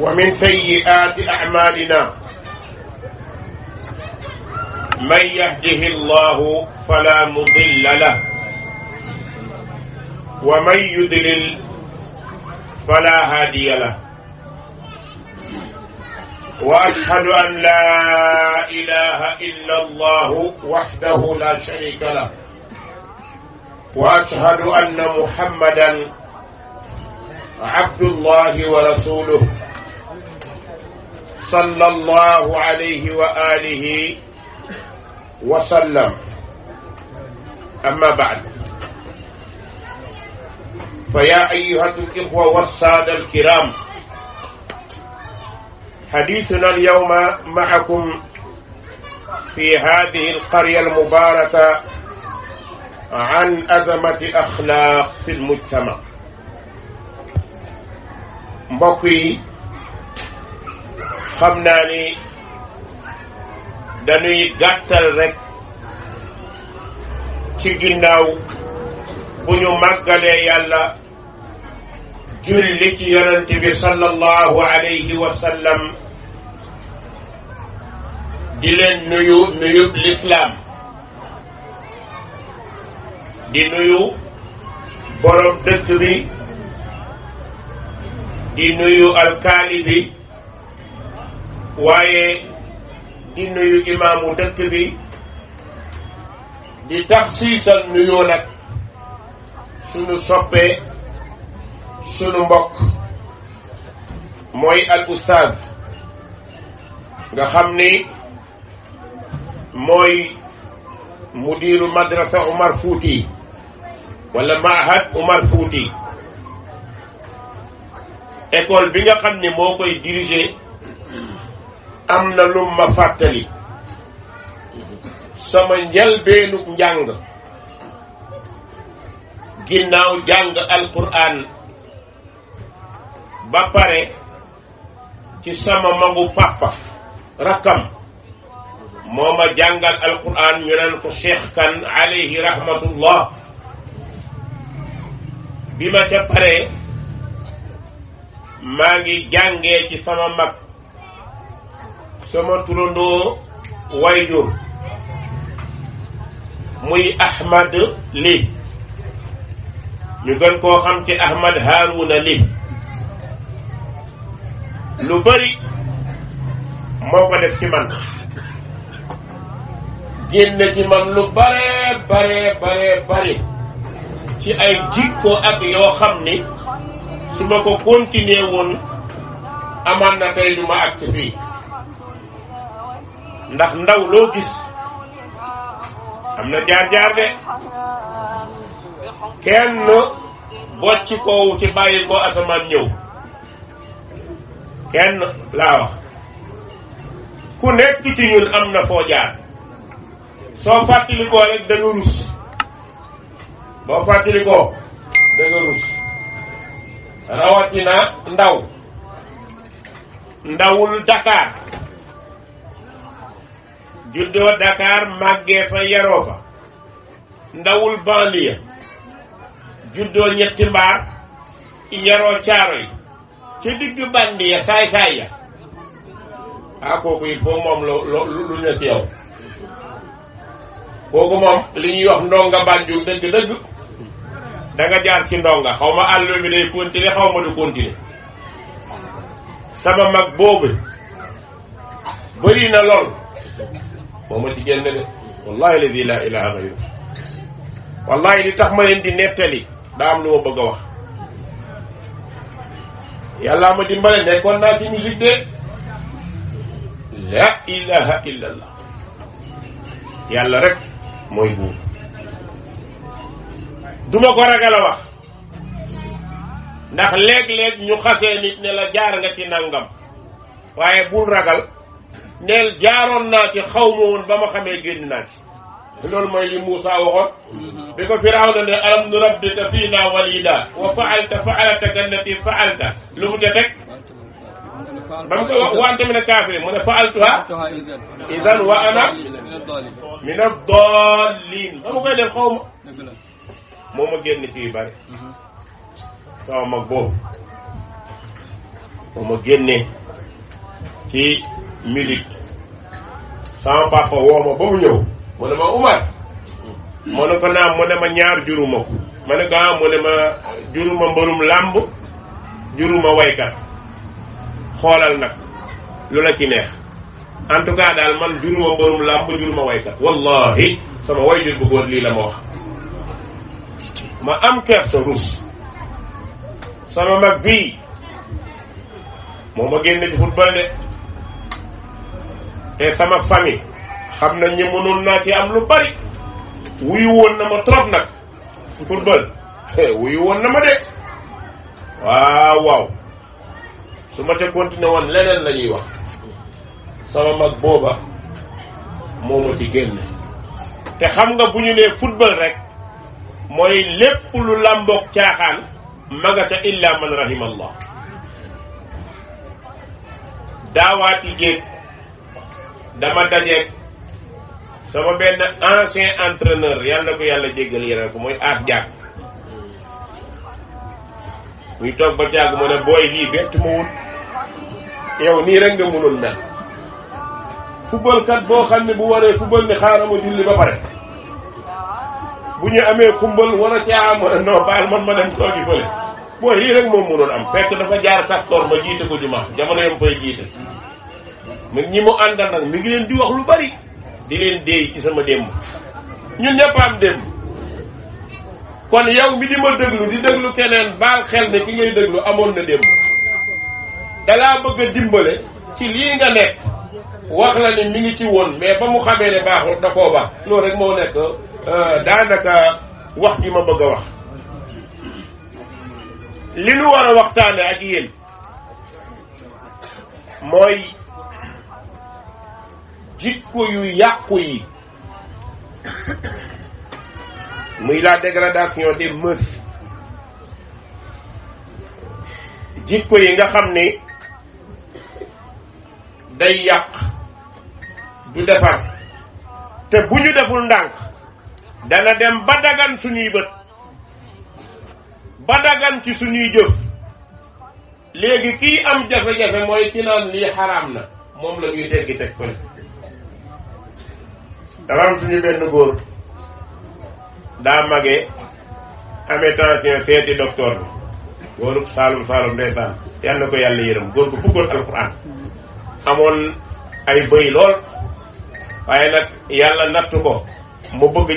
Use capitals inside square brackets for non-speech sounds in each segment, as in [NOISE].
ومن سيئات أعمالنا من يهده الله فلا مضل له ومن يضلل فلا هادي له واشهد ان لا اله الا الله وحده لا شريك له واشهد ان محمدا عبد الله ورسوله صلى الله عليه وآله وسلم أما بعد فيا أيها الإخوة والسادة الكرام حديثنا اليوم معكم في هذه القرية المباركة عن أزمة أخلاق في المجتمع مبقي xam naa ni dañuy gàttal rek ci ginnaaw bu ñu màggalee yàlla julli ci yonent bi sallallahu alayhi wa sallam di leen nuyu nuyu lislaam di nuyu borom dëkk bi di nuyu alkaali bi waaye di nuyu imaamu dëkk bi di tax siisal nuyoo nag sunu soppee sunu mbokk mooy al ustaaz nga xam ni mooy mudiru madrasa Umar Fuuti wala mahad Umar Fuuti école bi nga xam ni moo koy diriger am na lum ma fàttali sama njëlbeenug njàng ginnaaw jàng alquran ba pare ci sama magu papa rakkam moo ma jàngal alquran ñu naan ko cheikh kan alayhi rahmatullah bi ma ca paree maa ngi jàngee ci sama mag sama turandoo wayjur muy Ahmad Ly ñu gën koo xam ci Ahmad Haaruna Ly lu bari moo ko def ci man génn ci man lu bare bare bare bare ci ay jikko ak yoo xam ni su ma ko continuer woon amaan na tey ñu ma agsi fii ndax ndaw loo gis am na jaar-jaar de kenn bocci koowu ci bàyyi ko asamaan ñëw kenn laa wax ku nekk ci ñun am na foo jaar soo fàttalikoo rek da rus boo fàttalikoo da rus rawatina ndaw ndawul Dakar juddoo Dakar màggee fa yaroo fa ndawul banlieue juddoo ñetti mbaar yaroo caaro yi ci digg bandi ya saay saay ya ah kooku il faut moom loo lu ne ci yow kooku moom li ñuy ndong ndonga Banjul dëgg-dëgg da jaar ci ndonga xaw ma àll bi day continuer xaw ma du continuer sama mag boobu bëri na lool moo ma ci génn de wallahi alladi laa ilaha gayru wallahi li tax ma leen di nettali daa am lu ma bëgg a wax yàllaa ma dimbale nekkoon naa ci musique de la ilaha illa yàlla rek mooy buur duma ko ragal a wax ndax léeg-léeg ñu xasee nit ne la jaar nga ci nangam waaye bul ragal neel jaaroon naa ci xaw ma woon ba ma xamee génn naa ci loolu mooy li Moussa waxoon bi ko Firawna ne alam nu rabbika fiina walida wa faalta faalataka allati faalta lu mu def rek ba mu ko wax wante min a kaafiri mu ne faaltuha idan wa ana min ad-dallin ba ma koy def xaw ma moo ma génn ci yu bari sama mag boobu moo ma génne ci musique sama papa woo ma ba mu ñëw mu ne ma Umar mu ne ko naam mu ne ma ñaar juruma ko ma ne ko ah mu ne ma juruma mbërum làmb juruma waykat xoolal nag lu la ci neex en tout cas daal man juruma mbërum làmb juruma waykat wallahi sama way jur bu góor lii la ma wax ma am kersa ruus sama mag bii moo ma génne ci football de te sama famille xam nañ ne mënoon naa ci am lu bari wuyu woon na ma trop nag football eh, wuyu woon na ma de waaw waaw su ma te continué woon leneen lañuy ñuy wax sama mag booba moo ma ci génne te xam nga bu ñu nee football rek mooy lépp lu làmboog caaxaan magata illa man rahimallah daawaati jéeg dama dajeeg sama benn ancien entraîneur yàlla na yàlla jéggal yéral ko mooy aat jàkk muy toog ba jàgg mu ne booy lii bett ma wut yow nii rek nga mënoon mel football kat boo xam ne bu waree football ni xaaral ma julli ba pare bu ñu amee kumbal war a caa mën a [LAUGHS] non man ma dem toogi fële booy lii rek moom mënoon am fekk dafa jaar sakkoor ma jiite ko jumaa jamono yam fay jiite mais ñi mu àndal nag mi ngi leen di wax lu bari di leen déey ci sama démb ñun ñëpp am démb kon yow mi di ma déglu di déglu keneen baal xel ne ki ngay déglu amoon na démb dalaa bëgg a dimbale ci lii nga nekk wax la ni mi ngi ci woon mais ba mu xamee ne baaxul da koo baax loolu rek moo nekk euh, daanaka wax gi ma bëgg a wax li nu war a waxtaane ak yéen mooy jikko yu yàqu yi muy la dégradation de mœurs jikko yi nga xam ni day yàq du defar te bu ñu deful ndànk dana dem ba dagan suñuy bët ba dagan ci suñuy jëf léegi kii am jafe-jafe mooy ki naan lii xaraam na moom la ñuy teg fële dafa am suñu benn góor daa magee amee tension seeti docteur bi góoru saalum saalum ndeysaan yal na ko yàlla yërëm góor gu bëggoon alxuraan amoon ay bëy lool waaye nag yàlla nattu ko mu bëgg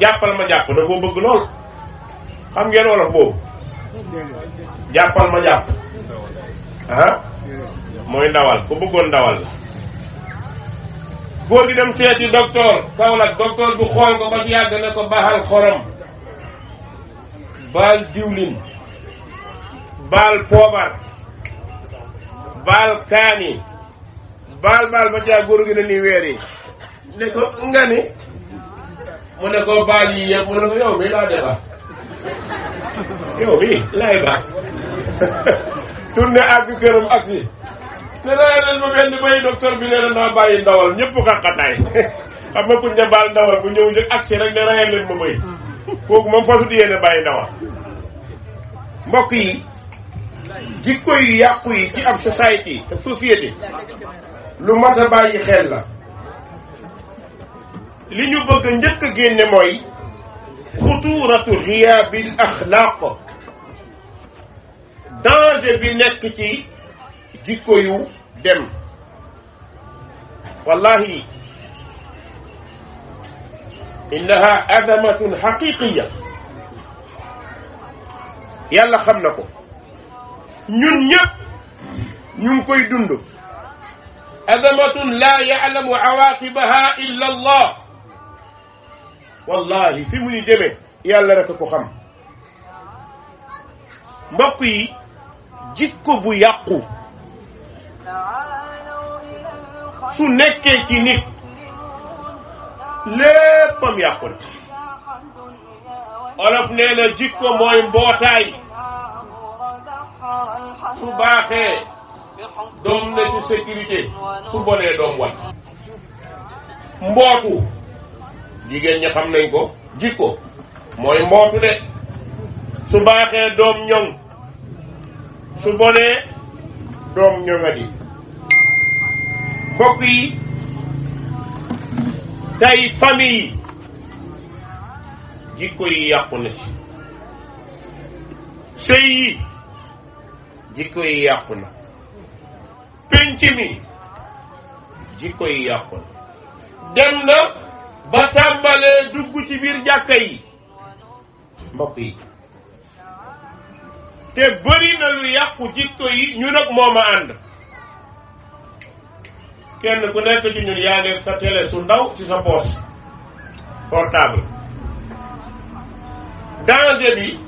jàppal ma jàpp da koo bëgg lool xam ngeen wolof boobu jàppal ma jàpp ah mooy ndawal ku bëggoon ndawal la góor gi dem seeti docteur Kaolack docteur bi xool ko ba yàgg ne ko baaxal xorom baal diwlin baal poobar baal kaani baal baal ba jaa góor gi ne ni weer ne ko nga ni mu ne ko baal yi yëpp mu ne yow mii laa defar yow mii laay baax [LAUGHS] tourné àgg këram agsi ne naa leen ma benn bay docteur bi nee naa bàyyi ndawal ñëpp xaqataay [LAUGHS] xam nga kuñ ne baal ndawal bu ñëw njëkk ak si rek ne rayal leen ma bay mm-hmm. kooku fasut yéene bàyyi ndawal mbokk yi jikko yu yàqu yi ci ab société société lu mat bàyyi xel la li ñu bëgg njëkk génne mooy xutuuratu riyaabil axlaaq danger bi nekk ci jikko yu dem wallahi innaha adamatun haqiqiyya yàlla xam ko ñun ñëpp ñu ngi koy dund adamatun la yalamu awaqibaha illa allah wallahi fi muy demee yàlla rek ko xam mbokk yi jikko bu yaqku su nekkee ci nit léppam yàqu na olof nee na jikko mooy mbootaay su baaxee doom na ci sécurité su bonee doom wat mbootu jigéen ña xam nañ ko jikko mooy mbootu de su baaxee doom ñoŋ su bonee doom ñoŋadi mbokk yi tey famille yi jikko yi yàqu na ci sëy yi jikko yi yàqu na pénc mi jikko yi yàqu na dem na ba tàmbalee dugg ci biir jàkka yi mbokk yi te bëri na lu yàqu jikko yi ñu nag moom a ànd kenn ku nekk ci ñun yaa ngi sa télé su ndaw ci sa poche portable danger bi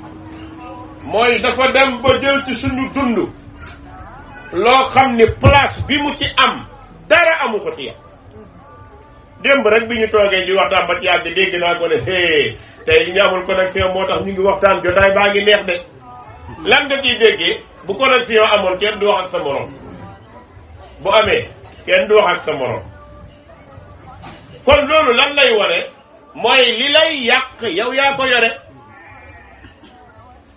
mooy dafa dem ba jël ci suñu dund loo xam ni place bi mu ci am dara amu ko ci démb rek bi ñu toogee di waxtaan ba ci di dégg naa ko ne hee tey ñu amul connexion moo tax ñu ngi waxtaan jotaay baa ngi neex de lan nga ciy déggee bu connexion amoon kenn du wax ak sa morom bu amee kenn du wax ak sa morom kon loolu lan lay wane mooy li lay yàq yow yaa ko yore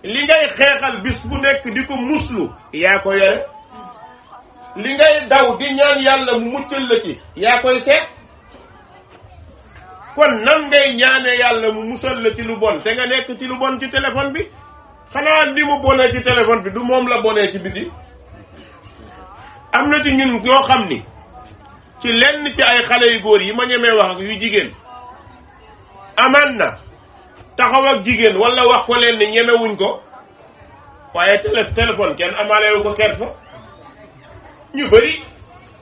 li ngay xeexal bis bu nekk di ko muslu yaa ko yore li ngay daw di ñaan yàlla mu muccal la ci yaa koy seet kon nan ngay ñaane yàlla mu musal la ci lu bon te nga nekk ci lu bon ci téléphone bi xanaa ni mu bonee ci téléphone bi du moom la bonee ci biti am na ci ñun yoo xam ni ci lenn ci ay xale yu góor yi ma ñemee wax ak yu jigéen amaan na taxaw ak jigéen wala wax ko leen ñemewuñ ko waaye télé téléphone kenn amaalewu ko kersa ñu bari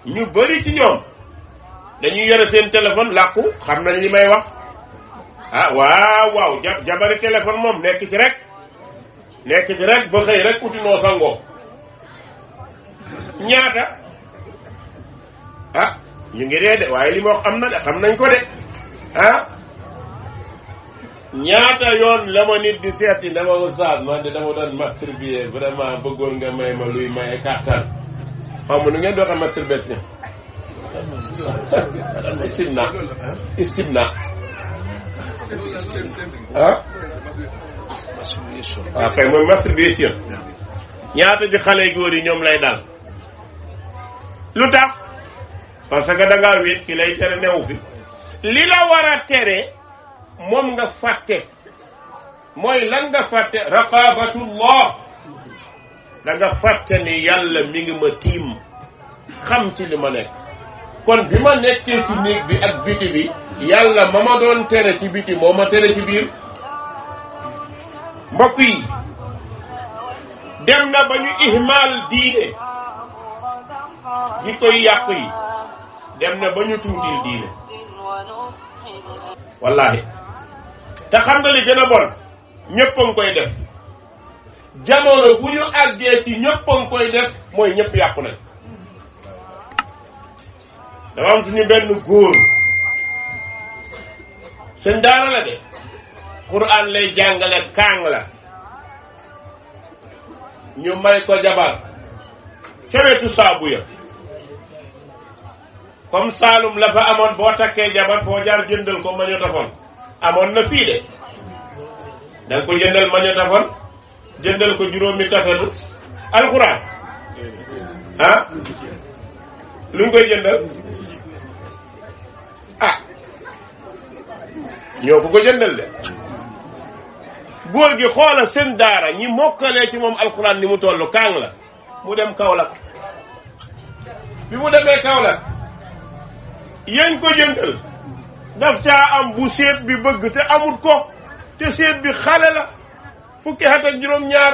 ñu bari ci ñoom dañuy yore seen téléphone làkku xam nañ li may wax ah waaw waaw jabari téléphone moom nekk ci rek nekk ci rek ba xëy rek uti noo sangoo ñaata ah ñu ngi dee de waaye li am na de nañ ko de ah ñaata yoon la ma nit di seeti dama ustaas man de dama doon masturbé vraiment bëggoon nga may ma luy maye kàttan xaw ma nu ngeen doota masturbé si istibna istibna ah masturbation. Ah, waaw kay mooy masturbation ñaata ci xale góor yi ñoom lay dal lu tax parce que da wéet ki lay tere new bi li la war a tere moom nga fàtte mooy lan nga fàtte raqabatullah da nga fàtte ni yàlla mi ngi ma tiim xam ci li ma nekk kon bi ma nekkee ci néeg bi ak biti bi yàlla ma ma doon tere ci biti moo ma tere ci biir mbokk yi dem na ba ñu ihmal diine jikko yi yàqu yi dem na ba ñu tuutil diine wallahi te xam nga li gën a bon ñëpp a ngi koy def jamono bu ñu àggee ci ñëpp koy def mooy ñëpp yàqu nañ dama am suñu benn góor seen daara de quran lay jàngale kaang la ñu may ko jabar ca wetu saabu ya comme saalum la fa amoon boo takkee jabar foo jaar jëndal ko magnétophone amoon na fii de danga ko jëndal magnétophone jëndal ko juróomi kasetu alxuraan ah lu ñu koy jëndal ah ñoo ko ko jëndal de góor gi xoola seen daara ñi mokkalee ci moom alxuraan ni mu tollu kaang la mu dem Kaolack bi mu demee Kaolack yañ ko jëndal daf caa am bu seet bi bëgg te amut ko te seet bi xale la fukki at ak juróom-ñaar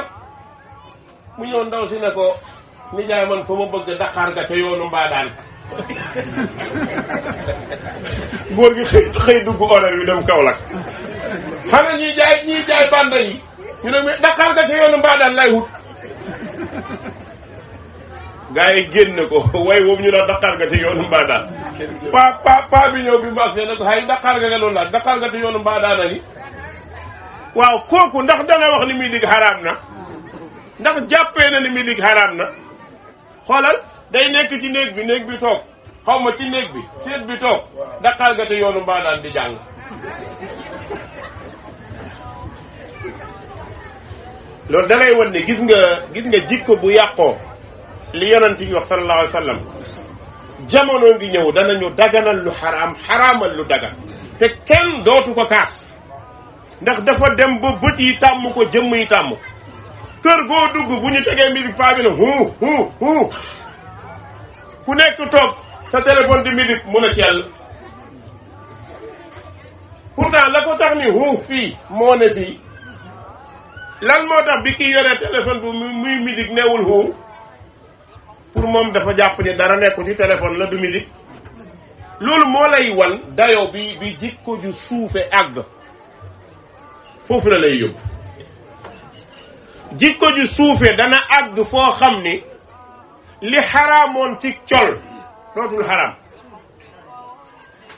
mu ñëw ndaw si ne ko nijaay man fa ma bëgg daqaar ga ca yoonu mbaadaan [LAUGHS] góor gi xëy xëy dugg horaire bi dem Kaolack xanaa ñuy jaay ñuy jaay banda yi ñu ne mais Dakar ga ca yoonu mbaa daan lay wut gaa génn ko way woowu ñu naan Dakar ga ca yoonu mbaa daan pa pa bi ñëw bi mu àggsee ne xay Dakar ga doon laaj Dakar ga ca yoonu mbaa daan ni waaw kooku ndax dana wax ni muy dig xaraam na ndax jàppee na ni muy dig xaraam na xoolal day nekk ci néeg bi néeg bi toog xaw ma ci néeg bi seet bi toog Dakar ga ca yoonu mbaa daan di jàng loolu da lay wan ne gis nga gis nga jikko bu yàqoo li yonent bi wax sallallahu alayhi wa sallam jamono ngi ñëw danañu daganal lu xaraam xaraamal lu dagan te kenn dootu ko kaas ndax dafa dem ba bët yi tàmm ko jëmm yi tàmm kër goo dugg bu ñu tegee musique paa bi na ku nekk toog sa téléphone di musique mun a cell pourtant la ko tax ni huu fii moo ne fii lan moo tax bi ki yore téléphone bu muy musique neewul hu pour moom dafa jàpp ne dara nekku ci téléphone la du musique loolu moo lay wan dayo bi bi jikko ju suufe àgg foofu la lay yóbbu jikko ju suufe dana àgg foo xam ni li xaraamoon ci col dootul xaraam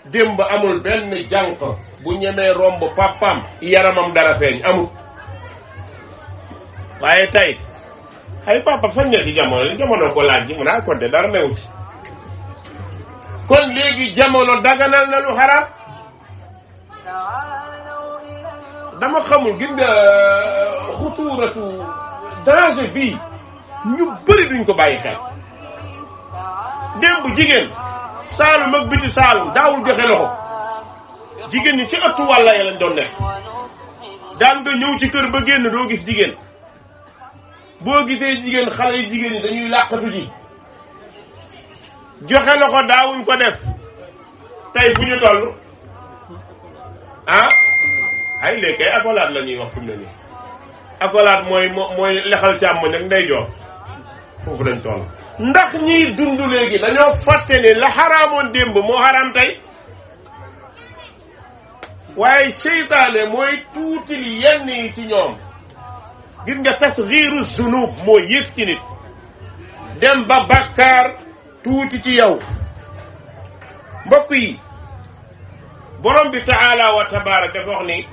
démb amul benn jànq bu ñemee romb papaam yaramam dara feeñ amul waaye tey ay papa fan nekk jamono li jamono ko laaj ji mun naa ah konte dara newu ci kon léegi jamono daganal na lu xaraam dama xamul gis nga euh, xutuuratu danger bii ñu bëri duñ ko bàyyi xel démb jigéen saalum ak biti saalum daawul joxe loxo jigéen ñi ci ëttu wàlla ya lañ doon nekk daan nga ñëw ci kër ba génn doo gis jigéen boo gisee jigéen xale yu jigéen ñi dañuy làqatu ji joxe loxo daawuñ ko def tey bu ñu toll ah ay léegi kay lañuy wax fi mu ne nii accolade mooy mooy lexal càmmoñ ak ndeyjoor foofu dañ toll. ndax ñiy dund léegi dañoo fàtte ne la xaraamoon démb moo xaraam tey waaye seytaane mooy tuutil yenn yi ci ñoom. gis nga tasghiru zunub mo yefti nit dem ba bakkar tuuti ci yow mbokk yi borom bi taala wa tabarak dafa wax ni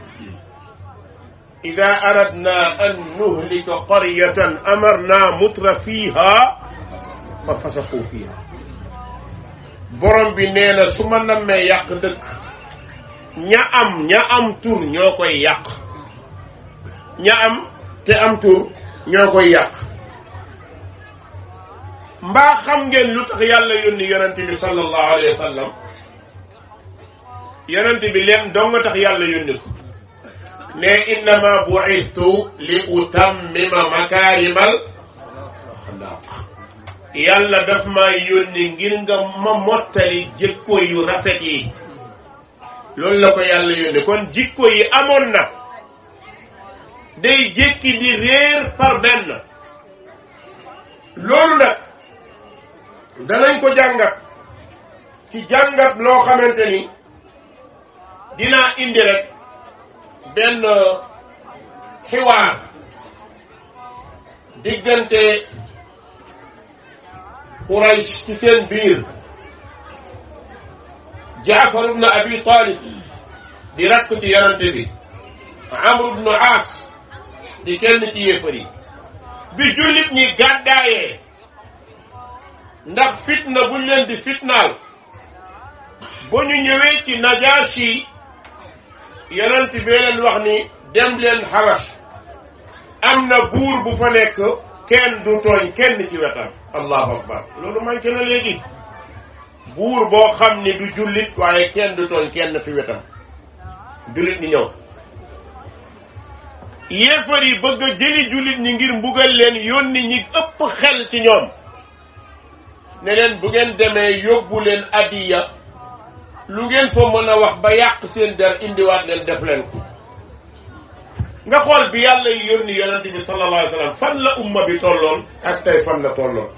idha aradna an nuhlika qaryatan amarna mutra fiha fa fasaqu fiha borom bi neena suma namme ma nammee yàq dëkk ña am nya am tour ñokoy koy yàq ña am te am tur ñoo koy yàq mbaa xam ngeen lu tax yàlla yónni yonent bi sallallahu alayhi wa sallam yonent bi leen doo nga tax yàlla yónni ko ne innama bu'istu li utammima makaarimal yàlla daf yónni ngir nga ma mottali jikko yu rafet yi loolu la ko yàlla yónni kon jikko yi amoon na day jékki li réer par benn loolu nag danañ ko jàngat ci jàngat loo xamante ni dinaa indi rek benn xiwaar diggante Quraysh ci seen biir Jaafar ibn Abi Talib di rakk ci yonante bi Amr ibn di kenn ci yéefar yi bi jullit ñi gàddaayee ndax fitna buñ leen di fitnaal ba ñu ñëwee ci Najaasi yonent bi leen wax ni dem leen Xabas am na buur bu fa nekk kenn du tooñ kenn ci wetam allahu akbar loolu manqué na léegi buur boo xam ni du jullit waaye kenn du tooñ kenn fi wetam jullit ñi ñëw yéefar yi bëgg a jëli jullit ñi ngir mbugal leen yónni ñi ëpp xel ci ñoom ne leen bu ngeen demee yóbbu leen adiya lu ngeen fa mën a wax ba yàq seen der indiwaat leen def leen ko nga xool bi yàlla yi yónni yonent bi sallallahu alayhi fan la umma bi tolloon ak tey fan la tolloon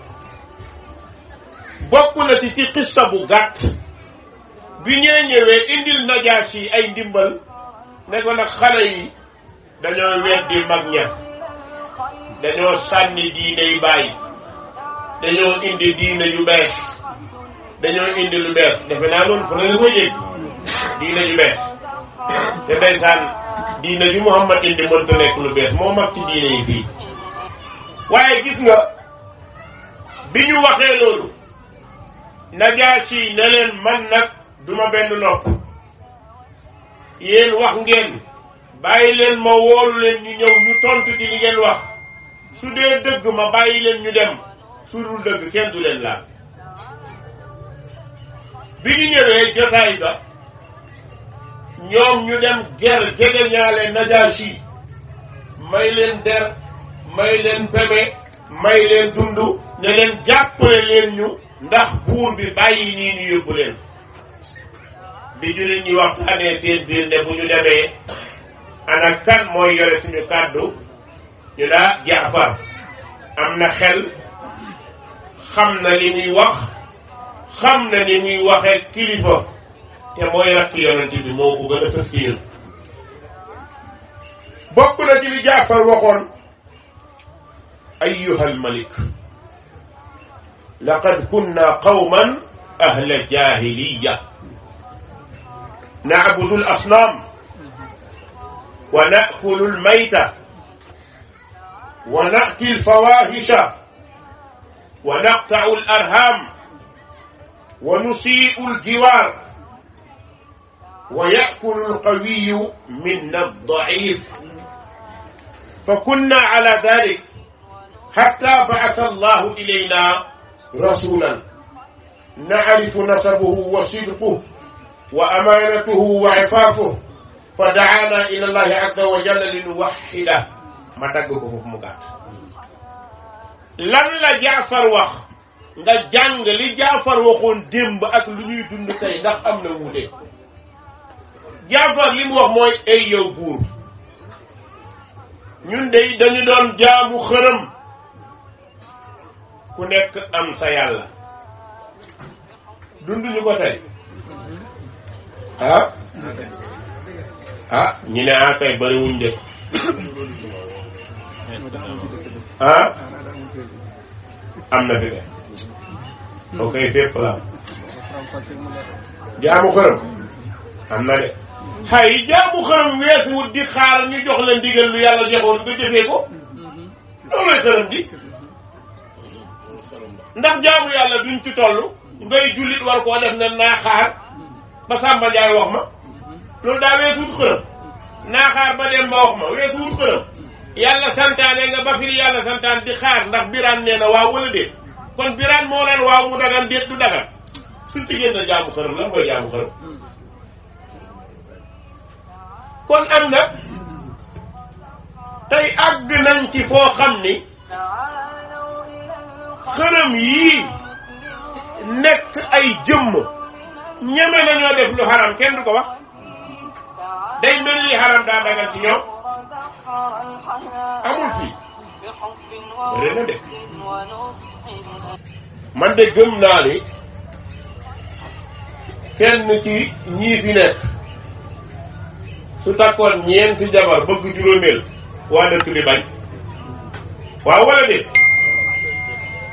bokk na ci ci xissa bu gàtt bi ñee ñëwee indil najaas yi ay ndimbal ne ko nag xale yi dañoo weddi mag ña dañoo sànni diine yu bàyyi dañoo indi diine yu bees dañoo indi lu bees defe naa loolu fan nga ko diine yu bees te ndeysaan diine yu Muhammad indi mënta nekk lu bees moo mag ci diine yi fii waaye gis nga bi ñu waxee loolu Najaasi ne leen man nag duma benn nopp yéen wax ngeen bàyyi leen ma woolu leen ñu ñëw ñu tontu ci li ngeen wax su dee dëgg ma bàyyi leen ñu dem su dul dëgg kenn du leen laal bi ñu ñëwee jotaay ba ñoom ñu dem ger jege ñaale Najaashi may leen der may leen peme may leen dund ne leen jàppale leen ñu ndax buur bi bàyyi nii ñu yóbbu leen bi jullit ñu demee ana kan mooy yore suñu kàddu ñu la jaafar am na xel xam na li muy wax xam na ni muy waxee kilifa te mooy rakk yonent bi moo ko gën a sës ci yéen bokk na ci li jaafar waxoon ayyuha almalik laqad kunna qawman ahla jahiliya nabudu al asnam ونأكل الميتة ونأتي الفواحش ونقطع الأرهام ونسيء الجوار ويأكل القوي منا الضعيف فكنا على ذلك حتى بعث الله إلينا رسولا نعرف نسبه وصدقه وأمانته وعفافه fa daana ila llahi azza wa jalla li nu waxida ma dagg ko foofu mu gàtt lan la jaafar wax nga jàng li jaafar waxoon démb ak lu ñuy dund tey ndax am na wuute jaafar li mu wax mooy ay yow buur ñun de dañu doon jaamu xërëm ku nekk am sa yàlla dunduñu ko tey ah ah ñu ne ah kay bëriwuñ de [COUGHS] ah am na fi de boo koy fépp la jaamu xërëm am na de xay jaamu xërëm weesuwut di xaar ñu jox la ndigal lu yàlla joxoon nga jëfee ko loolooy xërëm di ndax jaamu yàlla duñ ci toll ngay jullit war koo def ne naa xaar ba Samba Ndiaye wax ma loolu daa weesu wut xërëm naaxaar ba dem ba wax ma weesu xërëm yàlla santaane nga ba firi yàlla santaan di xaar ndax biraan nee na waaw wala déet kon biraan moo naan waaw mu dagan déet du dagan suñ jigéen na jaamu xërëm lan mooy jaamu xërëm kon am na tey àgg nañ ci foo xam ni xërëm yii nekk ay jëmm ñeme nañoo def lu xaram kenn du ko wax day mel ni xaram daa dagal ci ñoom amul fii man de gëm naa ni kenn ci ñii fi nekk su takkoon ñeenti jabar bëgg juróomeel waa dëkk bi bañ waaw wala de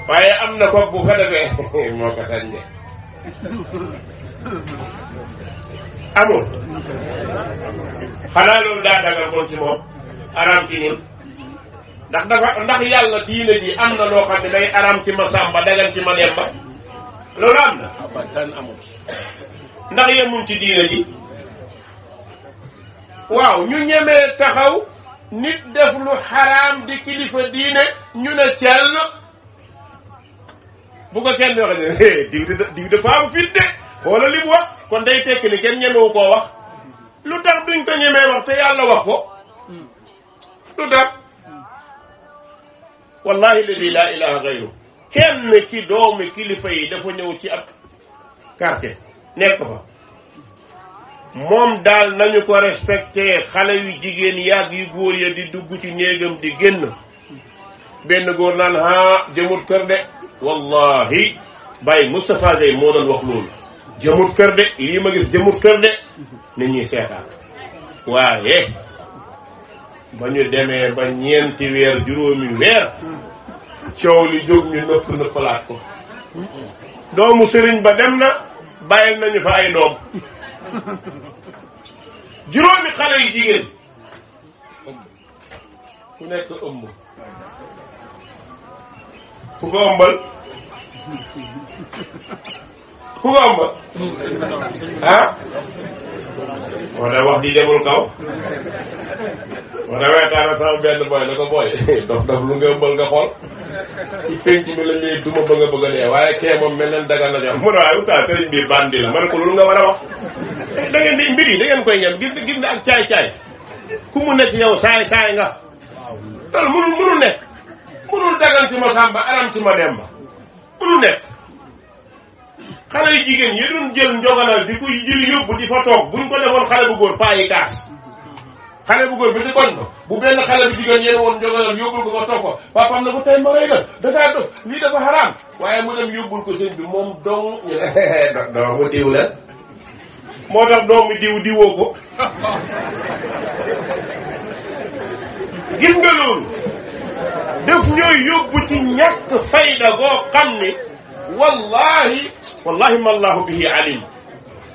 waaye am na ko bu defee [LAUGHS] moo ko sañ de amul xanaa loolu daa dagal kon ci moom araam ci ñun ndax dafa ndax yàlla diine ji am na loo xam ne day araam ci ma sàmba dagan ci ma demba loolu am na abadan amul ndax yemuñ ci diine ji waaw ñu ñemee taxaw nit def lu xaraam di kilifa diine ñu ne cell bu ko kenn waxee ne diw de diw fit de wala li mu wax kon day tekki ni kenn ñemewu koo wax lu tax duñ ko ñemee wax te yàlla wax ko lu tax wallahi ladi laa ilaha gayru kenn ci doomi kilifa yi dafa ñëw ci ak quartier nekk fa moom daal nañu ko respecté xale yu jigéen yàgg yu góor ya di dugg ci néegam di génn benn góor naan ha jëmut kër de wallahi Baye Moustapha Gueye moo doon wax loolu jëmut kër de lii ma gis jëmut kër de nit ñuy seetaan waaye ba ñu demee ba ñeenti weer juróomi weer coow li jóg ñu nëpp nëppalaat ko doomu sëriñ ba dem na bàyyil nañu fa ay doom juróomi xale yu jigéen ku nekk ëmb ku ko ku ah wala wax di demul kaw wala weetaana sama benn boy na boy dof dof lu nga ëmbal nga xool ci penc mi la ñuy duma bëgg a bëgg a dee dagal sëriñ bi bandi la ko nga wax da ngeen di mbir da ngeen koy ngeen gis gis ak caay caay ku mu nekk yow saay saay nga loolu mënul mënul nekk mënul dagal ci ma aram ci ma nekk xale yu jigéen yi doon jël njoganal di koy jël yóbbu di fa toog buñ ko defoon xale bu góor paa yi kaas xale bu góor bi di koñ ko bu benn xale bu jigéen yéen woon njoganal yóbbul ko ko toog ko papaam na ko tey ma rey la dakaa dof lii dafa xaraam waaye mu dem yóbbul ko sëñ bi moom dong ñu ne [LAUGHS] doomu diw la moo tax doomu diw diwoo ko gis nga def ñooy yóbbu ci ñàkk fayda goo xam ni wallahi والله ما الله به عليم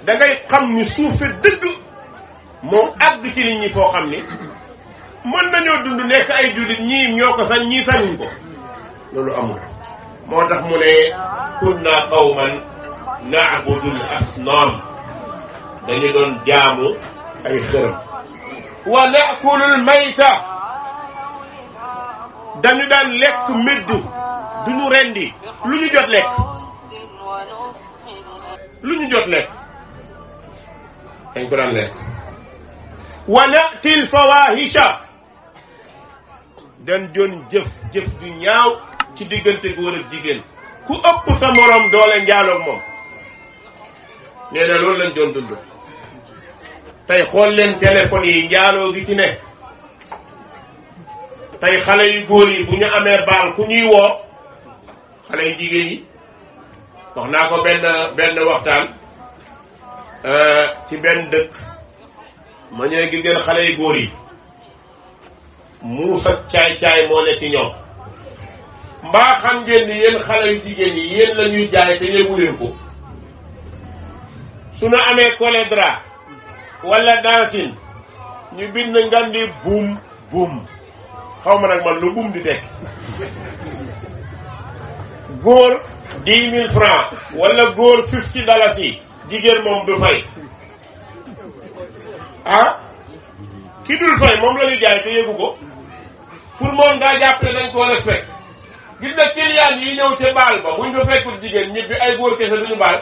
دا غاي خام ني سوف دد مو اد تي ني فو خام ني من نا نيو دوند نيك اي جوليت ني نيوكو سان ني سان نكو لولو امول موتاخ مولاي كنا قوما نعبد الاصنام دا ني دون جامو اي خرم ونأكل الميتة دا ني دان ليك ميدو دونو رندي لوني جوت ليك lu ñu jot lekk dañ ko daan lekk wa natil fawahisha dan doon jëf jëf ju ñaaw ci diggante góor ak jigéen ku ëpp sa morom doole njaaloog moom nee na loolu lañ doon dund tey xool leen téléphone yi njaaloo gi ci ne tey xale yu góor yi bu ñu amee baal ku ñuy woo xale yu jigéen yi wax naa ko benn benn waxtaan euh, ci benn dëkk ma ñëwee gi gën xale yu góor yi muus ak caay-caay moo ne ci ñoom mbaa xam ngeen ni xale yu jigéen yi yéen lañuy ñuy jaay te yëgu leen su ñu amee choléra walla dancine ñu bind ngan buum buum xaw ma nag man lu buum di tekk góor dix mille francs wala góor fifty dalasi jigéen moom du fay ah ki dul fay moom la ñu jaay te yëgu ko pour moom daa jàppale dañ koo respect gis nga client yi ñëw ca baal ba buñ fa fekkul jigéen ñëpp bi ay góor kese duñu baal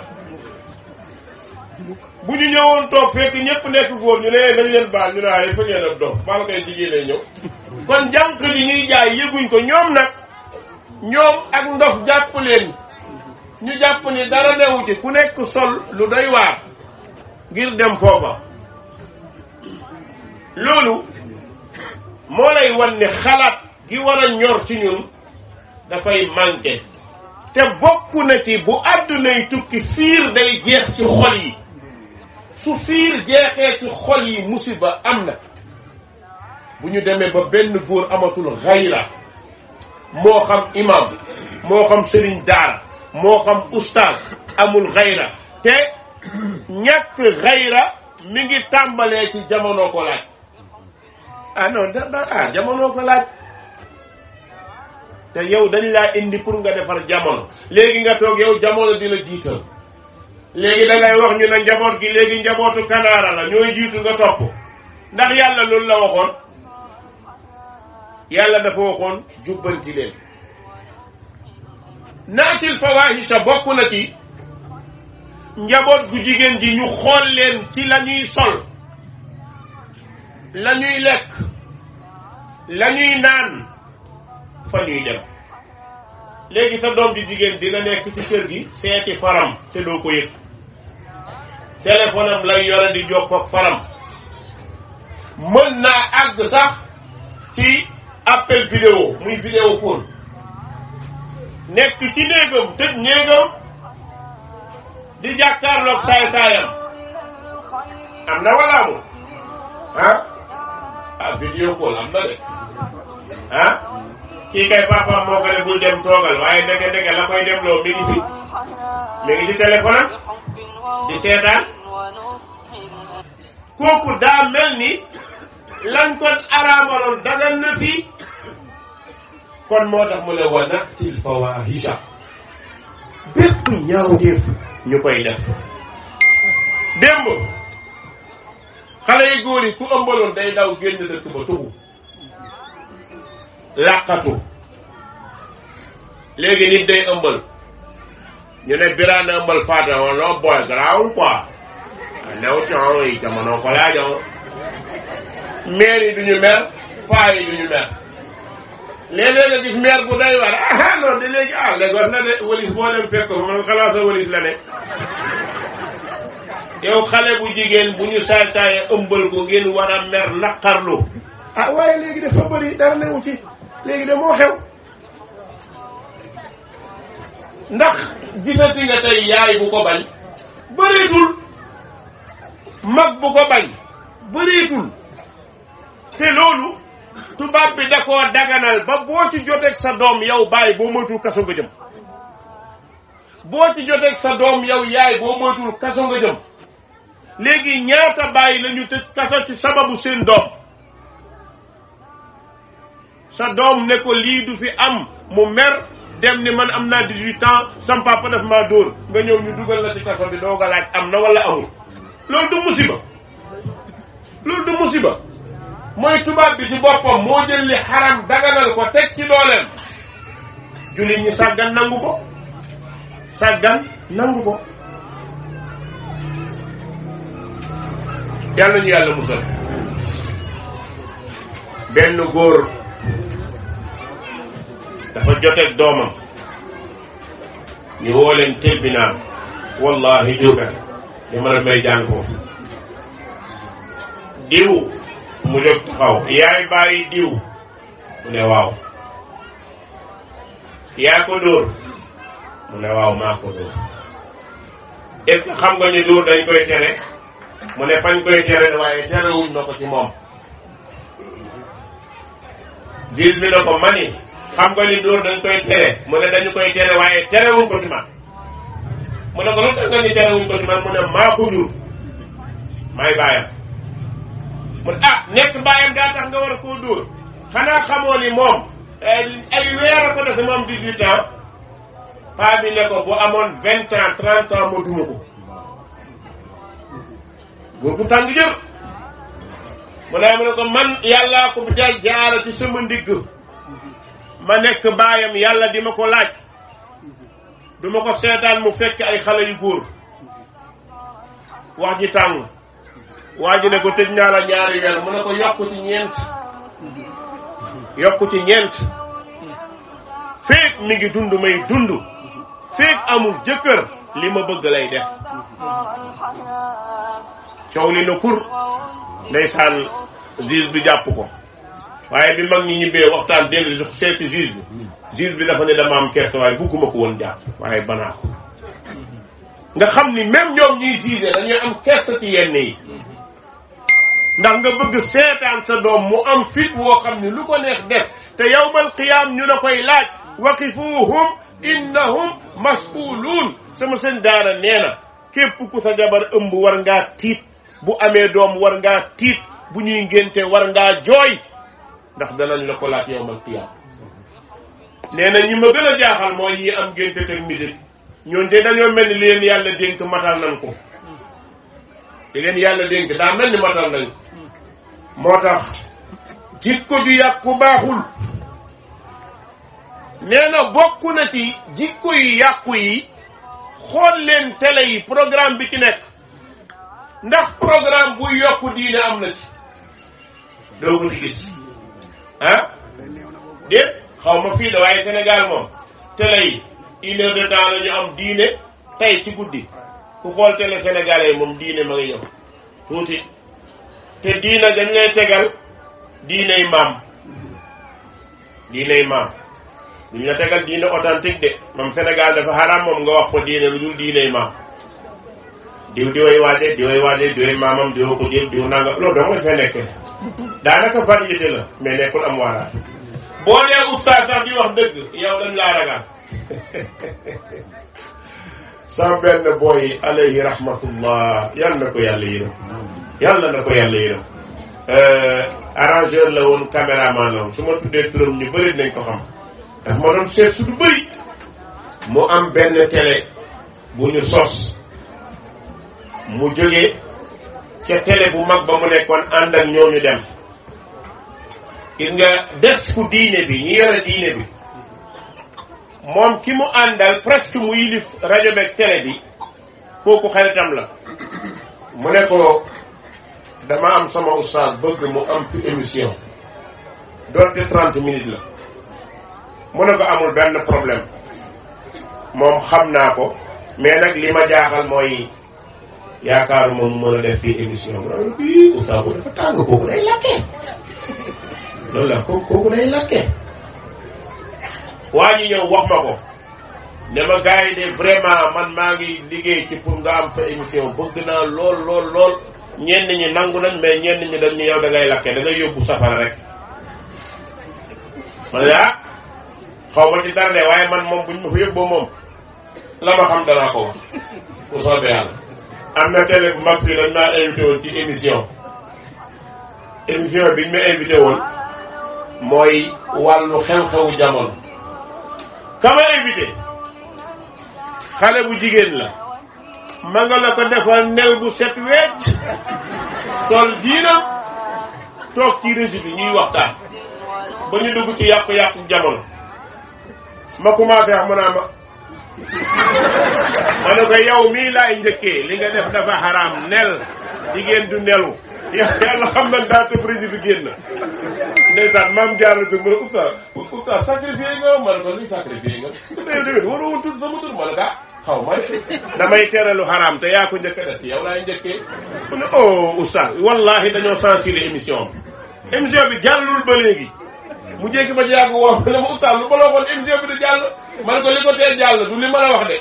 bu ñu ñëwoon toog fekk ñëpp nekk góor ñu ne dañ eh, leen baal ñu ne waaye ah, fa ngeen ab doom baal jigéen lay ñëw kon jànq li ñuy jaay yëguñ ko ñoom na ñoom ak ndox jàpp leen ñu jàpp ni dara newu ku nekk sol lu doy waar ngir dem foofa loolu moo lay wan ne xalaat gi war a ñor ci ñun dafay manqué te bokk na ci bu àddunay tukki fiir day jeex ci xol yi su fiir jeexee ci xol yi musiba am na bu ñu demee ba benn góor amatul xayra moo xam imam moo xam sëriñ daara moo xam oustaz amul xayra te ñàkk xayra mi ngi tàmbalee ci jamono ko laaj ah non ah jamono ko laaj te yow dañ laa indi pour nga defar jamono léegi nga toog yow jamono di la jiital léegi da ngay wax ñu ne njaboot gi léegi njabootu kanaara la ñooy jiitu nga topp ndax yàlla loolu la waxoon yàlla dafa waxoon jubbanti leen naatil sa bokk na ci njaboot gu jigéen ji ñu xool leen ci la ñuy sol la lekk la ñuy naan fa ñuy dem léegi sa doom ji jigéen dina nekk ci kër gi seeti faram te doo ko yëg téléphone am lay yore di jokk ak faram mën naa àgg sax ci appel vidéo muy vidéo call nekk ci néegam tëj néegam di jàkkaarloog saay saayam am na wala amul ah, ah call am na de ah? kii kay papa moo ko ne dem toogal waaye ndeke ndeke la koy demloo mi ngi mi ngi ci téléphone am di seetaan kooku daa mel ni lan kon araamaloon dagal na fi kon moo tax mu ne wa natil fawahisha bépp ñaawteef ñu koy def démb xale yi góor yi ku ëmbaloon day daw génn dëkk ba tuxu làqatu léegi nit day ëmbal ñu ne biraan ëmbal faata woon loo booy garaawul quoi ah, new coono yi jamono ko laajoon maire yi duñu mer paa yi duñu mer léeg-léeg nga gis meer bu doy waar ah, ah non de léegi ah léegi war na de walis boo dem fekk ko man xalaat sa la ne yow xale bu jigéen bu ñu saay saay ëmbal ko ngeen war a mer naqarlu ah, waaye léegi dafa bëri dara newu ci léegi de moo xew ndax gisati nga tey yaay bu ko bañ bëreetul mag bu ko bañ bëreetul te loolu tubaab bi da koo daganal ba boo ci joteeg sa doom yow bàyyi boo moytul kaso nga jëm boo ci joteeg sa doom yow yaay boo moytul kaso nga jëm léegi ñaata bàyyi la ñu tëj kaso ci sababu seen doom sa doom ne ko lii du fi am mu mer dem ni man am naa 18 ans sam papa daf maa dóor nga ñëw ñu dugal la ci kaso bi dooga laaj am na wala amul loolu du musiba loolu du musiba mooy tubaab bi ci boppam moo jël li daganal ko teg ci dooleem jullit ñi sàggan nangu ko sàggan nangu ko yàlla ñu yàlla musal benn góor dafa joteeg doomam ñu woo leen tribunal wallahi jógal li ma la may jàng ko diw mu jóg taxaw yaay bàyyi diw mu ne waaw yaa ko dóor mu ne waaw maa ko dóor est-ce que xam nga ñu dóor dañ tere mu tere waaye terewuñ na ko ci moom gis bi na ko mani xam nga ni dóor dañ koy tere mu tere waaye terewuñ ko ci man mu ne ko lu tax nga ni terewuñ ko ci man mu ne ah nekk mbaayam daa tax nga war a xanaa xamoo ni moom eh, ay weer ko def moom 18 ans paa bi ne ko bu amoon 20 ans 30 ans moo duma ko bu tàng jër mu ne mu ne ko man yàllaa ko ja jaara ci sama ndigg ma nekk baayam yàlla di ma ko laaj du ko seetaan mu fekk ay xale yu góor wax ji waa ji ne ko tëj naa la ñaari ko yokku ci ñeent yokku ci ñeent feek mi ngi dund may dund feek amul jëkkër li ma bëgg lay def coow li na kur ndeysaan bi jàpp ko waaye bi mag ñi ñibbee waxtaan dellu seeti juge bi juge bi dafa ne dama am kersa waaye bugguma ko woon jàpp waaye banaa nga xam ni même ñoom ñuy juge dañuy am kersa ci yenn ndax nga bëgg seetaan sa doom mu am fit woo xam ni lu ko neex def te yowmal qiyam ñu la koy laaj waqifuhum innahum mas'ulun sama seen daara nee na képp ku sa jabar ëmb war ngaa tiit bu amee doom war ngaa tiit bu ñuy ngénte war ngaa jooy ndax danañ la ko laaj yowmal qiyam nee na ñi ma gën a jaaxal mooy ñi am ngénte teg midit ñoon te dañoo mel ni leen yàlla dénk matal nañ ko leen yàlla dénk daa mel ni matal nañ ko moo tax jikko ju yàqu baaxul nee na bokk na ci jikko yu yàqu yi xool leen télé yi programme bi ci nekk ndax programme buy yokk diine am na ci doo ko ci gis ah? xaw ma fii da waaye Sénégal moom télé yi une heure de temps la ñu am diine tey ci guddi ku xool télé sénégalais moom diine ma ngi tuuti te diina dañ lay tegal diinay maam diinay maam duñ la tegal diine authentique de moom Sénégal dafa xaraam moom nga wax ko diine lu dul diinay maam diw diway waaje diway waaje diway maamam diwa ko jël diw nanga loolu dong la fee nekk daanaka variété la mais nekkul am waaraat boo dee di wax dëgg yow dañ laa ragal [LAUGHS] sa benn booy alayhi rahmatullah yal na ko yàlla yërëm yàlla na ko yàlla yërëm euh, arrangeur la woon caméraman la su ma tuddee turam ñu bari nañ ko xam ndax ma doon seet su du bëri mu am benn télé bu ñu sos mu jógee ca télé bu mag ba mu nekkoon ànd ak ñooñu dem gis nga des ku diine bi ñu yore diine bi moom ki mu àndal presque mu yilif rajo beeg bi kooku xaritam la mu ne ko dama am sama oustaz bëgg mu am fi émission doonte trente minutes la mu ne ko amul benn problème moom xam naa ko mais nag li ma jaaxal mooy yaakaaruma mu mën a def fii émission mu ne bii oustaz bu dafa tàng kooku day lakkee loolu la kooku day lakkee waa ñi ñëw wax ma ko ne ma gars de vraiment man maa ngi liggéey ci pour nga am fa émission bëgg naa lool lool lool ñenn ñi nangu nañ mais ñenn ñi dañ ñu yow da lakke da yóbbu safara rek man yaa ah, xaw ma ci dara de waaye man moom buñ ma fa yóbboo moom la ma xam danaa ko wax pour soobee yàlla am na télé bu mag fii dañ maa invité woon ci émission émission biñ ma invité woon mooy wàllu xew-xewu jamono ka ma xale bu jigéen la ma nga la ko defal nel bu set wecc sol diina toog ci rési ñuy waxtaan ba ñu dugg ci yàqu-yàqu jamono ma commencé wax mu naa ma ma ne ko yow mii laay njëkkee li nga def dafa xaraam nel jigéen du nelu yàlla xam na daa tëb rési bi génn ndeysaan maam jaarale bi mu ne oustaz oustaz sacrifié nga ma ne ko li sacrifié nga tey dëgg waroo woon tudd sama ma ne ko ah, xaw ma damay tere lu xaraam te yaa ko njëkk a def yow laay njëkkee mu ne oh oustaz wallahi dañoo censuré émission bi émission bi jàllul ba léegi mu jékki ba yàgg woo ma ne ma oustaz lu ma la waxoon émission bi du jàll man ko li ko tee wax de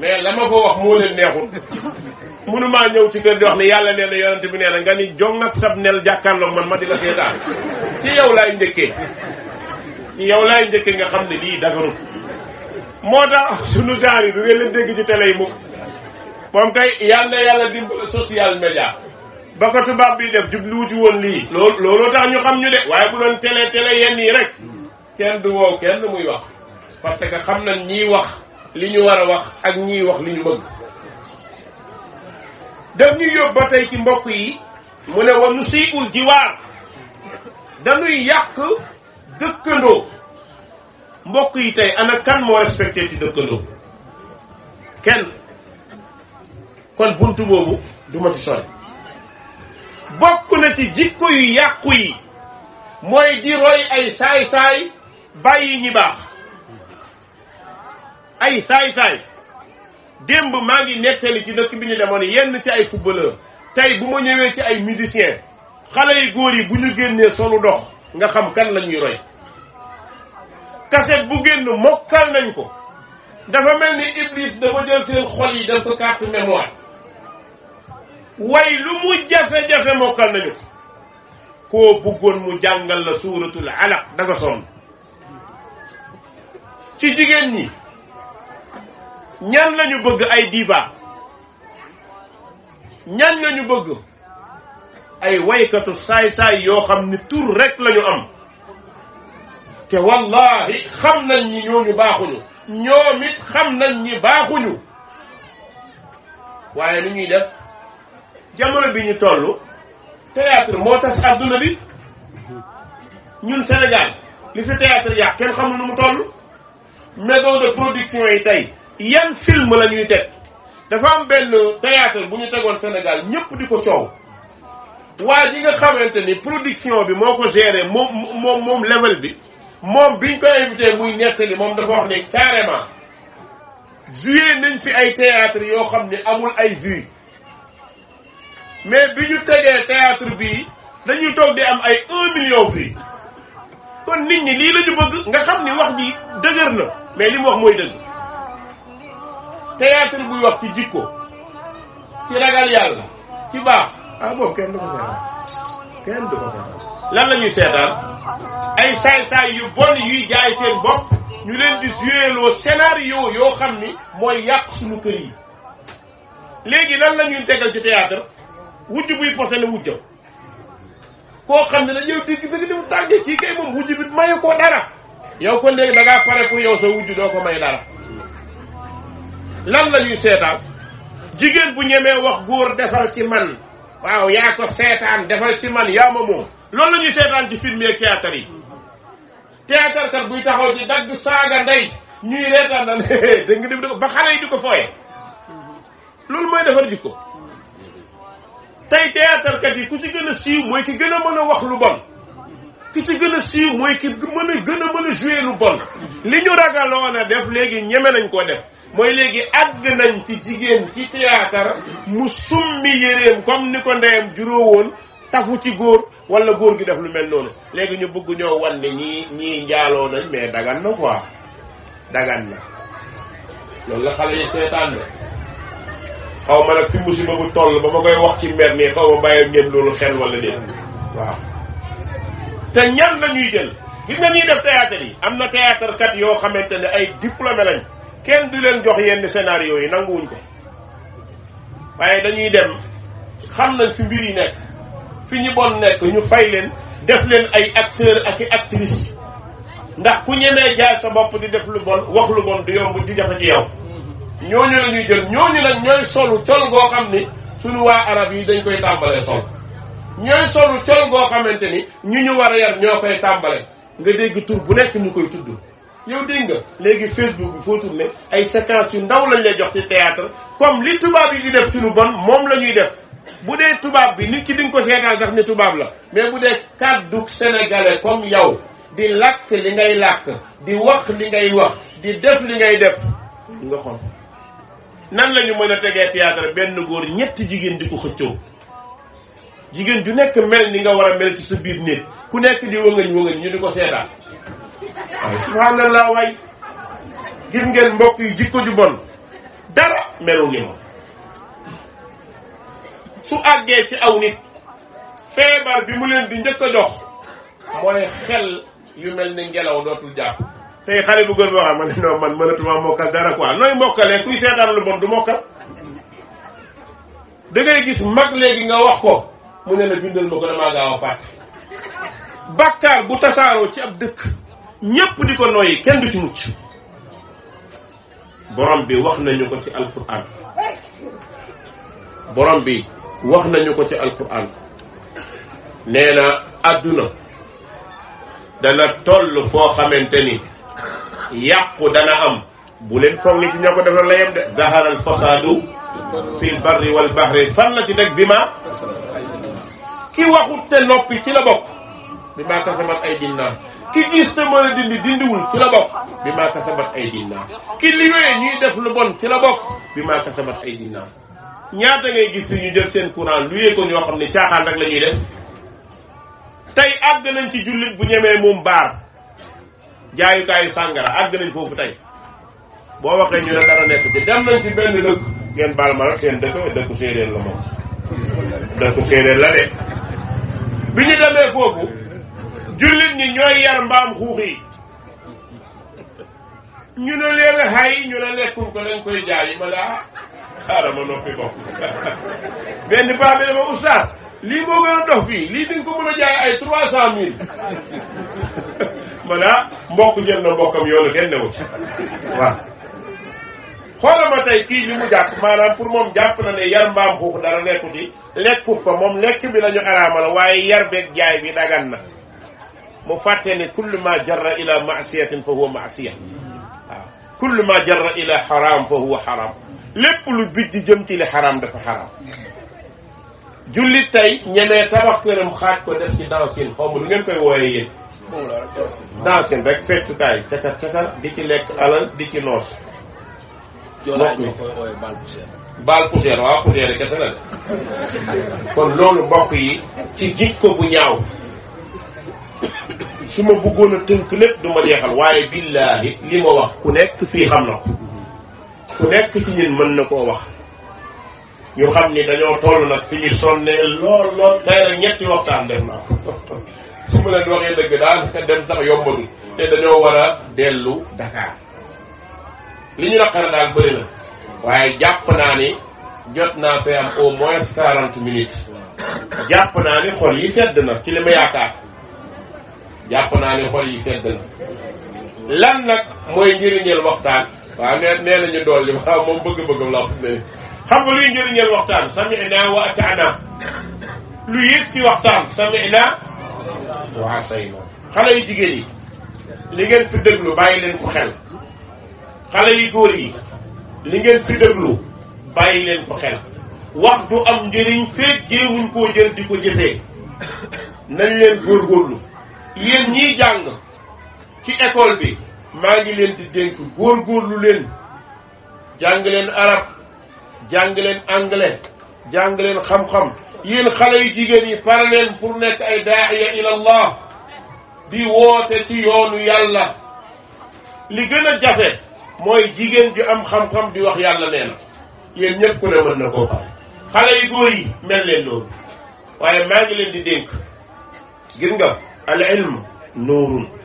mais la ma ko wax moo leen neexul mënumaa ñëw ci kër di wax ne yàlla nee na yonent bi nee na nga ni jong ak sab nel jàkkaarloog man ma di la seetaan ci yow laay njëkkee ci yow laay njëkkee nga xam ne lii dagarul moo tax sunu gaar yi du ngeen leen dégg ci télé yi mukk moom kay yàlla yàlla dimbal social média ba ko tubaab bi def jubluwu ci woon lii loolu tax ñu xam ñu de waaye bu doon télé télé yenn yi rek kenn du woow kenn muy wax parce que xam nañ ñiy wax li ñu war a wax ak ñiy wax li ñu bëgg daf ñu yóbbu tey ci mbokk yi mu ne wa nu siiwul jiwaar dañuy yàq dëkkandoo mbokk yi tey ana kan moo respecté ci dëkkandoo kenn kon buntu boobu du ma ci sori bokk na ci jikko yu yàqu yi mooy di roy ay saay-saay bàyyi ñi baax ay saay-saay démb maa ngi nettali ci dëkk bi ñu demoon yenn ci ay footballeur tey bu ma ñëwee ci ay musicien xale yu góor yi bu ñu génnee solu dox nga xam kan la ñuy roy kaset bu génn mokkal nañ ko dafa mel ni iblis dafa jël seen xol yi def ko carte mémoire way lu mu jafe-jafe mokkal nañu ko koo bëggoon mu jàngal la suuratul alaq da sonn ci jigéen ñi ñan lañu bëgg ay diva ñan lañu bëgg ay waykatu saay-saay yoo xam ni tur rek lañu am te wallahi xam nañ ñi ñooñu baaxuñu ñoom it xam nañ ñi baaxuñu waaye lu ñuy def jamono bi ñu toll théâtre moo tas adduna bi ñun Sénégal li fi théâtre yàq kenn xamul nu mu toll maison de production yi tey yan film la ñuy teg dafa am benn théâtre bu ñu tegoon Sénégal ñëpp di ko coow waa ji nga xamante ni production bi moo ko géré moom moom moom level bi moom biñ ko invité muy nettali moom dafa wax ne carrément joué nañ fi ay théâtre yoo xam ne amul ay vues mais bi ñu tegee théâtre bii dañuy toog di am ay un million vues kon nit ñi lii la ñu bëgg nga xam ni wax bi dëgër na mais li mu wax mooy dëgg théâtre buy wax ci jikko ci ragal yàlla ci baax ah boobu kenn du ko seetaan kenn du ko seetaan lan la ñuy seetaan ay saay-saay yu bon yuy jaay seen bopp ñu leen di jouéloo scénario yoo xam ni mooy yàq suñu kër yi léegi lan la ñuy tegal ci théâtre wujj buy posé la wujjam koo xam ne la yow dégg dëgg dimu tàngee kii kay moom wujj bi mayu ko dara yow ko léegi da ngaa pare pour yow sa wujj doo ko may dara lan la ñuy seetaan jigéen bu ñemee wax góor defal ci man waaw yaa ko seetaan defal ci man yaa ma moom loolu la ñuy seetaan ci film yeeg théâtre yi théâtre kat buy taxaw ci dagg saaga ndey ñuy reetaan naan [LAUGHS] dégg nga dem ba xale yi di ko fooye loolu mooy defar jikko tey théâtre kat yi ku ci gën a siiw mooy ki gën a mën a wax lu bon ki ci gën a siiw mooy ki mën a gën a mën a jouer lu bon li ñu ragaloon def léegi ñeme nañ koo def mooy léegi àgg nañ ci jigéen ci théâtre mu summi yéreem comme ni ko ndeyam juróowoon tafu ci góor wala góor gi def lu mel noonu léegi ñu bëgg ñoo wan ne ñii ñii njaaloo nañ mais dagan na quoi dagan na loolu la xale yi seetaan na xaw ma nag fi musiba bu toll ba ma koy wax ci mer mi xaw ma bàyyi ngeen loolu xel wala déet waaw te ñan la ñuy jël gis nga ñuy def théâtre yi am na théâtre kat yoo xamante ne ay diplômé lañ kenn du leen jox yenn scénario yi nanguwuñ ko waaye dañuy dem xam nañ fi mbir yi nekk fi ñu bon nekk ñu fay leen def leen ay acteur ak i actrice ndax ku ñemee jaay sa bopp di def lu bon wax lu bon du yomb di jafe ci yow ñoo la ñuy jël ñooñu nag ñooy solu col goo xam ni suñu waa arab yi dañ koy tàmbalee sol ñooy solu col goo xamante ni ñu ñu war a yar ñoo koy tàmbale nga dégg tur bu nekk ñu koy tudd yow dégg nga léegi Facebook bi foo tourné ay séquences yu ndaw lañ lay jox ci théâtre comme li tubaab yi di def suñu bon moom la ñuy def bu dee tubaab bi nit ki di ko seetaan sax ni tubaab la mais bu dee kàddu sénégalais comme yow di làkk li ngay làkk di wax li ngay wax di def li ngay def nga nan lañu ñu mën a tegee théâtre benn góor ñetti jigéen di ko xëccoo jigéen ju nekk mel ni nga war a mel ci sa biir nit ku nekk di wëngëñ wëngëñ ñu di ko seetaan waaye subhanallah waay gis ngeen mbokk yi jikko ju bon dara meru ngi su àggee ci aw nit feebar bi mu leen bi njëkk a jox mooy xel yu mel ni ngelaw dootul jàpp tey xale bu gën wax ma ne non man mënatuma mokkal dara quoi nooy mokkalee kuy seetaan moom bon du mokkal da gis mag léegi nga wax ko mu ne la bindal ma ko damaa gaaw a fàtte bàkkaar bu tasaaroo ci ab dëkk ñépp di ko nooyi kenn du ci mucc borom bi wax nañu ko ci alquran borom bi wax nañu ko ci alquran nee na àdduna dana toll foo xamante ni yàqu dana am bu leen foog ni ci ñoo ko defoon la yem de zahara fasadu fil barri wal bahri fan la ci teg bi ma ki waxut te noppi ci la bokk bi maa kasabat ay dinaa ki gis te mën a dindi dindiwul ci la bokk bi maa kasabat ay dinaa ki liggéey ñuy def lu bon ci la bokk bi maa kasabat ay dinaa ñaata ngay gis fi ñu jël seen courant luyee ko ñoo xam ne caaxaan rek la ñuy tey àgg nañ ci jullit bu ñemee moom baar jaayutaayu sàngara àgg nañ foofu tey boo waxee ñu ne dara nekk bi dem nañ ci benn dëkk ngeen baal ma rek seen dëkk dëkku séeréer la moom dëkku séeréer la de bi ñu demee foofu jullit ñi ñooy yar mbaam xuux yi ñu ne leen xay ñu ne lekkum ko lañ koy jaay yi ma la xaaral ma noppi bokk benn baax bi dama oustaz lii moo gën a dox fii lii di ko mën a jaay ay trois cent mille maanaam mbokk jël na mbokkam yoonu kenn tey kii mu jàpp maanaam pour moom jàpp na ne yar mbaam xuux dara nekku lekkut ko moom lekk bi waaye yar beeg jaay bi dagan na mu ne kullu ma jarra ila maasiyatin fa huwa maasiya waaw kullu ma jarra ila xaraam fa huwa xaraam lépp lu bit di jëm ci li xaraam dafa xaraam jullit tey ñemee tabax këram xaaj ko def ci dansin xaw ma lu ngeen koy wooyee yéen dansin rek feccukaay cakar cakar di ci lekk alal di ci noos joolaay ñoo koy wooyee baal poussière baal poussière waaw poussière kese la de kon loolu mbokk yi ci jikko bu ñaaw su ma bëggoon a tënk lépp du ma jeexal waaye billaahi li ma wax ku nekk fii xam na ko ku nekk ci yéen mën na koo wax ñu xam ni dañoo toll nag fi ñu sonnee lool lool tey rek ñetti waxtaan def naa [LAUGHS] su ma leen dëgg daanaka dem sax yombatul te dañoo war dellu Dakar li ñu naqare daal bëri na waaye jàpp naa ni jot naa fee am au quarante minutes jàpp naa ni xol yi sedd na ci li ma naa ni lan nag mooy njëriñal waxtaan waaw nee nee nañu dolli waaw [LAUGHS] moom bëgg-bëggam la wax ne xam nga luy njëriñal waxtaan samina wa ataana lu yëg ci waxtaan samina wa asayna xale yu jigéen yi li ngeen fi déglu bàyyi leen ko xel xale yu góor yi li ngeen fi déglu bàyyi leen ko xel wax du am njëriñ feeg jéewuñ koo jël di ko jëfee nañ leen góorgóorlu yéen ñiy jàng ci école bi maa ngi leen di dénk góorgóorlu leen jàng leen arab jàng leen anglais jàng leen xam-xam yéen xale yu jigéen yi pare leen pour nekk ay daa'iya ila allah di woote ci yoonu yàlla li gën a jafe mooy jigéen ju am xam-xam di wax yàlla nee na yéen ñëpp ku ne mën na koo xale yu góor yi mel leen loolu waaye maa ngi leen di dénk gis nga al ilm nuurun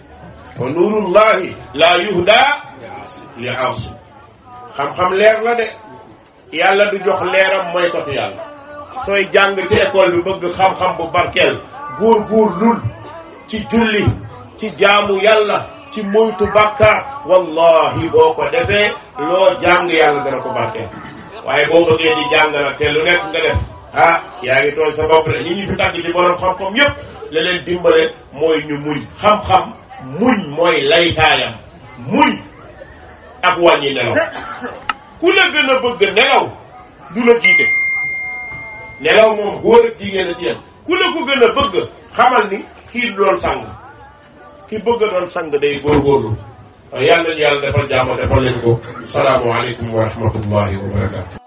fa nuurullahi laa yuhda li aasi xam-xam leer la de yàlla du jox leeram mooy ko fi yàlla sooy jàng ci école bi bëgg xam-xam bu barkeel góor góor lul ci julli ci jaamu yàlla ci moytu bàkkaar wallahi boo ko defee loo jàng yàlla dana ko barkeel waaye boo bëggee di jàng nag te lu nekk nga def ah yaa ngi tooñ sa bopp de ñi ñu fi tàgg di borom xam-xam yëpp leen dimbale mooy ñu muñ xam-xam muñ mooy laytaayam muñ ak wàññi nelaw ku la gën a bëgg nelaw du la jiite nelaw moom góor ak jigéen a ci yem ku la ko gën a bëgg xamal ni kii doon sang ki bëgg doon sang day góorgóorlu yàlla na yàlla defal jàmm defal leen ko salaamu aleykum wa wa barakatu